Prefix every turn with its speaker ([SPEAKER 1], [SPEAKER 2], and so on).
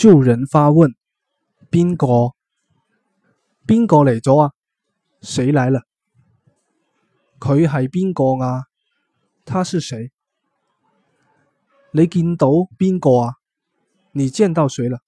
[SPEAKER 1] 就人發問，邊個？邊個嚟咗啊？誰來了？佢係邊個啊？他是誰？你見到邊個啊？
[SPEAKER 2] 你見到誰了？